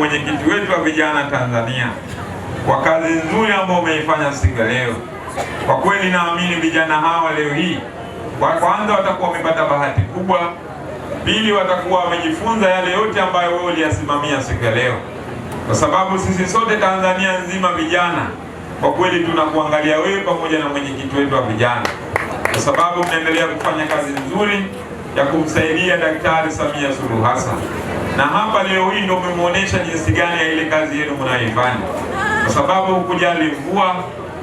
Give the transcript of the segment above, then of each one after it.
Mwenyekiti wetu wa vijana Tanzania kwa kazi nzuri ambayo umeifanya siku ya leo. Kwa kweli naamini vijana hawa leo hii kwa kwanza watakuwa wamepata bahati kubwa, pili watakuwa wamejifunza yale yote ambayo wewe uliyasimamia siku ya leo, kwa sababu sisi sote Tanzania nzima vijana kwa kweli tunakuangalia wewe pamoja na mwenyekiti wetu wa vijana, kwa sababu mnaendelea kufanya kazi nzuri ya kumsaidia Daktari Samia Suluhu Hassan na hapa leo hii ndio mmemwonyesha jinsi gani ya ile kazi yenu mnaifanya, kwa sababu hukujali mvua,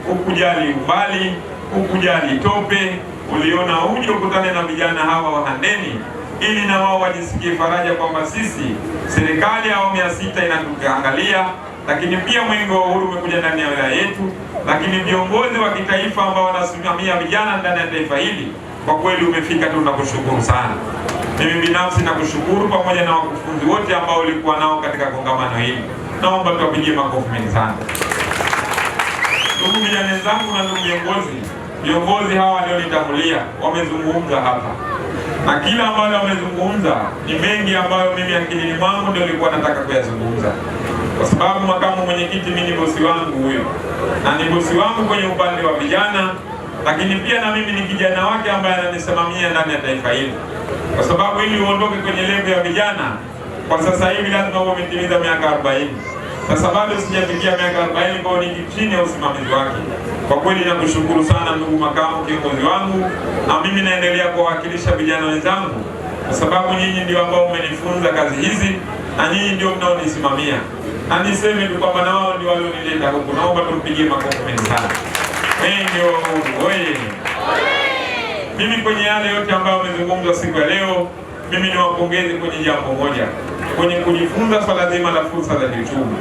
hukujali umbali, hukujali tope, uliona uje ukutane na vijana hawa wahandeni ili na wao wajisikie faraja kwamba sisi serikali ya awamu ya sita inatuangalia, lakini pia mwenge wa uhuru umekuja ndani ya wilaya yetu, lakini viongozi wa kitaifa ambao wanasimamia vijana ndani ya taifa hili kwa kweli umefika tu, nakushukuru sana. Mimi binafsi nakushukuru pamoja na wakufunzi wote ambao ulikuwa nao katika kongamano hili. Naomba tuwapigie makofi mengi sana. Ndugu vijana zangu na ndugu viongozi, viongozi hawa walionitangulia wamezungumza hapa, na kila ambayo wamezungumza ni mengi ambayo mimi akilini mwangu ndio nilikuwa nataka kuyazungumza, kwa sababu makamu mwenyekiti mimi ni bosi wangu huyo, na ni bosi wangu kwenye upande wa vijana lakini pia na mimi ni kijana wake ambaye ananisimamia ndani ya taifa hili, kwa sababu ili uondoke kwenye levo ya vijana kwa sasa hivi lazima uwe umetimiza miaka 40. Sasa bado sijafikia miaka 40, kwao hiyo ni chini ya usimamizi wake. Kwa kweli nakushukuru sana ndugu makamu kiongozi wangu, na mimi naendelea kuwawakilisha vijana wenzangu, kwa sababu nyinyi ndio ambao mmenifunza kazi hizi na nyinyi ndio mnaonisimamia, na niseme tu kwamba nao ndio walionileta huku. Naomba tumpigie makofi mengi sana mengi oye. Mimi kwenye yale yote ambayo wamezungumzwa siku ya leo, mimi niwapongeze kwenye jambo moja, kwenye kujifunza swala zima la fursa za kiuchumi.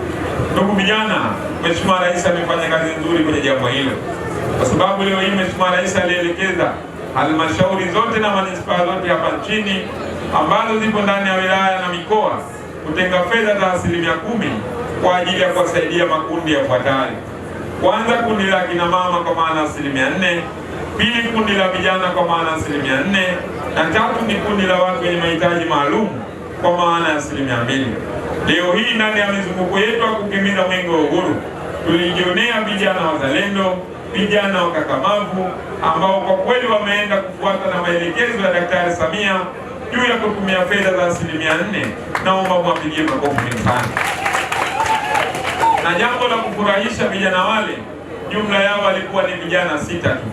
Ndugu vijana, Mheshimiwa Rais amefanya kazi nzuri kwenye jambo hilo, kwa sababu leo hii Mheshimiwa Rais alielekeza halmashauri zote na manispaa zote hapa nchini ambazo zipo ndani ya wilaya na mikoa kutenga fedha za asilimia kumi kwa ajili ya kuwasaidia makundi yafuatayo: kwanza kundi la kina mama kwa maana asilimia nne, pili kundi la vijana kwa maana asilimia nne, na tatu ni kundi la watu wenye mahitaji maalum kwa maana ya asilimia mbili. Leo hii ndani ya mizunguko yetu ya kukimbiza mwenge wa uhuru tulijionea vijana wazalendo, vijana wakakamavu ambao kwa kweli wameenda kufuata na maelekezo ya Daktari Samia juu ya kutumia fedha za asilimia nne. Naomba mwapigie makofi sana. Na jambo la kufurahisha, vijana wale jumla yao walikuwa ni vijana sita tu.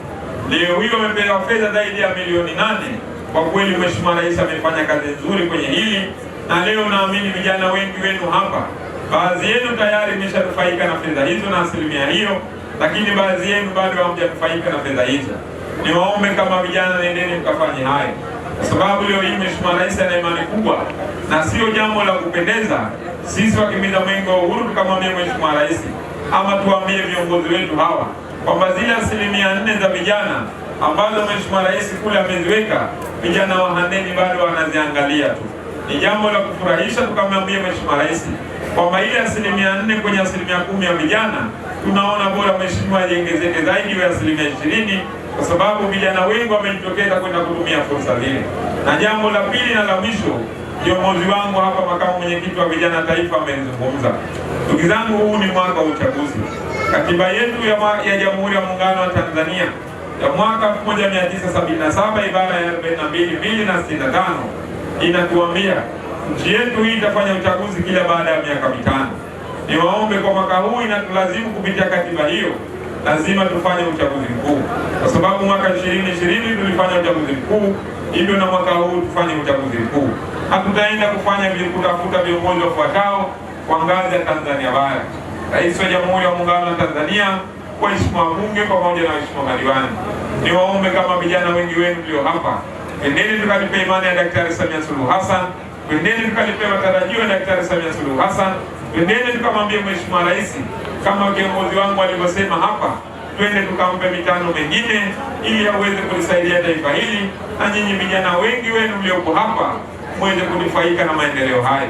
Leo hiyo wamepewa fedha zaidi ya milioni nane. Kwa kweli, Mheshimiwa Rais amefanya kazi nzuri kwenye hili, na leo naamini vijana wengi wenu hapa, baadhi yenu tayari imeshanufaika na fedha hizo na asilimia hiyo, lakini baadhi yenu bado hamjanufaika na fedha hizo. Niwaombe kama vijana, nendeni mkafanye hayo, kwa sababu leo hii Mheshimiwa Rais ana imani kubwa na sio jambo la kupendeza sisi wakimiza mwenge wa uhuru tukamwambia Mheshimiwa Rais ama tuambie viongozi wetu hawa kwamba zile asilimia nne za vijana ambazo Mheshimiwa Rais kule ameziweka, vijana wa Handeni bado wanaziangalia tu. Ni jambo la kufurahisha, tukamwambia Mheshimiwa Rais kwamba ile asilimia nne kwenye asilimia kumi ya vijana tunaona bora Mheshimiwa iongezeke zaidi ya asilimia ishirini kwa sababu vijana wengi wamejitokeza kwenda kutumia fursa zile. Na jambo la pili na la mwisho Kiongozi wangu hapa, makamu mwenyekiti wa vijana taifa amenizungumza. Ndugu zangu, huu ni mwaka wa uchaguzi. Katiba yetu ya Jamhuri ya Muungano wa Tanzania ya mwaka 1977 ibara ya 42 na 65 inatuambia nchi yetu hii itafanya uchaguzi kila baada ya miaka mitano. Niwaombe kwa mwaka huu inatulazimu kupitia katiba hiyo, lazima tufanye uchaguzi mkuu, kwa sababu mwaka 2020 tulifanya uchaguzi mkuu hivyo, na mwaka huu tufanye uchaguzi mkuu. Hatutaenda kufanya kutafuta viongozi wafuatao kwa ngazi ya Tanzania Bara, Rais wa Jamhuri ya Muungano wa Tanzania, kwa heshima wabunge pamoja na waheshimiwa madiwani. Niwaombe kama vijana wengi wenu mlio hapa, endeni tukalipe imani ya Daktari Samia Suluhu Hassan, endeni tukalipe matarajio ya Daktari Samia Suluhu Hassan, endeni tukamwambie Mheshimiwa Rais kama kiongozi wangu alivyosema hapa, twende tukampe mitano mengine ili aweze kulisaidia taifa hili, na nyinyi vijana wengi wenu mlioko hapa mweze kunufaika na maendeleo hayo.